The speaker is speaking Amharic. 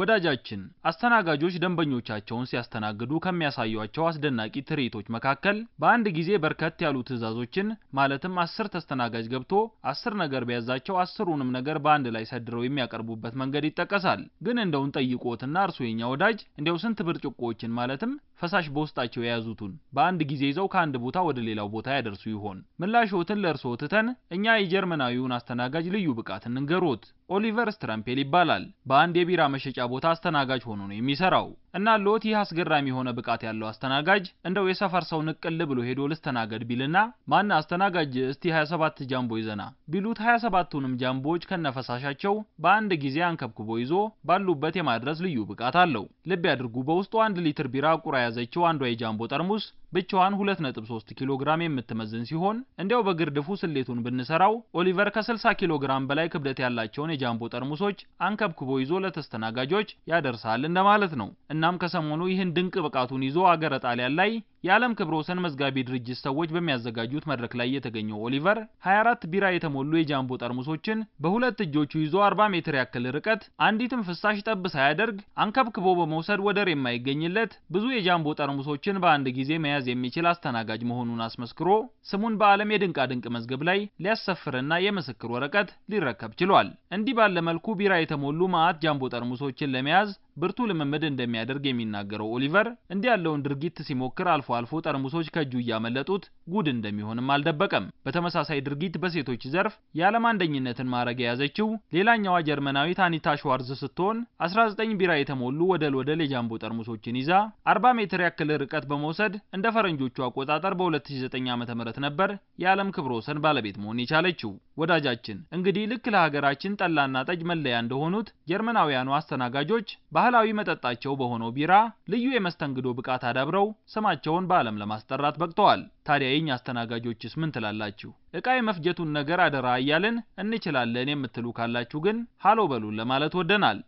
ወዳጃችን አስተናጋጆች ደንበኞቻቸውን ሲያስተናግዱ ከሚያሳዩቸው አስደናቂ ትርኢቶች መካከል በአንድ ጊዜ በርከት ያሉ ትዕዛዞችን ማለትም አስር ተስተናጋጅ ገብቶ አስር ነገር ቢያዛቸው አስሩንም ነገር በአንድ ላይ ሰድረው የሚያቀርቡበት መንገድ ይጠቀሳል። ግን እንደውን ጠይቆትና እርሱ የኛ ወዳጅ እንዲያው ስንት ብርጭቆዎችን ማለትም ፈሳሽ በውስጣቸው የያዙትን በአንድ ጊዜ ይዘው ከአንድ ቦታ ወደ ሌላው ቦታ ያደርሱ ይሆን? ምላሽዎትን ለእርስዎ ትተን እኛ የጀርመናዊውን አስተናጋጅ ልዩ ብቃት እንንገሮት። ኦሊቨር ስትራምፔል ይባላል። በአንድ የቢራ መሸጫ ቦታ አስተናጋጅ ሆኖ ነው የሚሰራው። እና ሎት ይህ አስገራሚ የሆነ ብቃት ያለው አስተናጋጅ እንደው የሰፈር ሰው ንቅል ብሎ ሄዶ ልስተናገድ ቢልና ማን አስተናጋጅ እስቲ 27 ጃምቦ ይዘና ቢሉት 27ቱንም ጃምቦዎች ከነፈሳሻቸው በአንድ ጊዜ አንከብክቦ ይዞ ባሉበት የማድረስ ልዩ ብቃት አለው። ልብ ያድርጉ፣ በውስጡ አንድ ሊትር ቢራ ቁራ ያዘችው አንዷ የጃምቦ ጠርሙስ ብቻዋን 2.3 ኪሎ ግራም የምትመዝን ሲሆን እንዲያው በግርድፉ ስሌቱን ብንሰራው ኦሊቨር ከ60 ኪሎ ግራም በላይ ክብደት ያላቸውን የጃምቦ ጠርሙሶች አንከብክቦ ይዞ ለተስተናጋጆች ያደርሳል እንደማለት ነው። እናም ከሰሞኑ ይህን ድንቅ ብቃቱን ይዞ አገረ ጣሊያን ላይ የዓለም ክብረ ወሰን መዝጋቢ ድርጅት ሰዎች በሚያዘጋጁት መድረክ ላይ የተገኘው ኦሊቨር 24 ቢራ የተሞሉ የጃምቦ ጠርሙሶችን በሁለት እጆቹ ይዞ 40 ሜትር ያክል ርቀት አንዲትም ፍሳሽ ጠብ ሳያደርግ አንከብክቦ በመውሰድ ወደር የማይገኝለት ብዙ የጃምቦ ጠርሙሶችን በአንድ ጊዜ መያዝ የሚችል አስተናጋጅ መሆኑን አስመስክሮ ስሙን በዓለም የድንቃ ድንቅ መዝገብ ላይ ሊያሰፍርና የምስክር ወረቀት ሊረከብ ችሏል። እንዲህ ባለ መልኩ ቢራ የተሞሉ መዓት ጃምቦ ጠርሙሶችን ለመያዝ ብርቱ ልምምድ እንደሚያደርግ የሚናገረው ኦሊቨር እንዲህ ያለውን ድርጊት ሲሞክር አልፎ አልፎ ጠርሙሶች ከእጁ እያመለጡት ጉድ እንደሚሆንም አልደበቀም። በተመሳሳይ ድርጊት በሴቶች ዘርፍ የዓለም አንደኝነትን ማዕረግ የያዘችው ሌላኛዋ ጀርመናዊት አኒታ ሽዋርዝ ስትሆን 19 ቢራ የተሞሉ ወደል ወደል የጃምቦ ጠርሙሶችን ይዛ 40 ሜትር ያክል ርቀት በመውሰድ እንደ ፈረንጆቹ አቆጣጠር በ2009 ዓ.ም ነበር የዓለም ክብረ ወሰን ባለቤት መሆን የቻለችው። ወዳጃችን እንግዲህ ልክ ለሀገራችን ጠላና ጠጅ መለያ እንደሆኑት ጀርመናውያኑ አስተናጋጆች ባህላዊ መጠጣቸው በሆነው ቢራ ልዩ የመስተንግዶ ብቃት አዳብረው ስማቸውን በዓለም ለማስጠራት በቅተዋል። ታዲያ የኛ አስተናጋጆችስ ምን ትላላችሁ? እቃ የመፍጀቱን ነገር አደራ እያልን እንችላለን የምትሉ ካላችሁ ግን ሀሎ በሉን ለማለት ወደናል።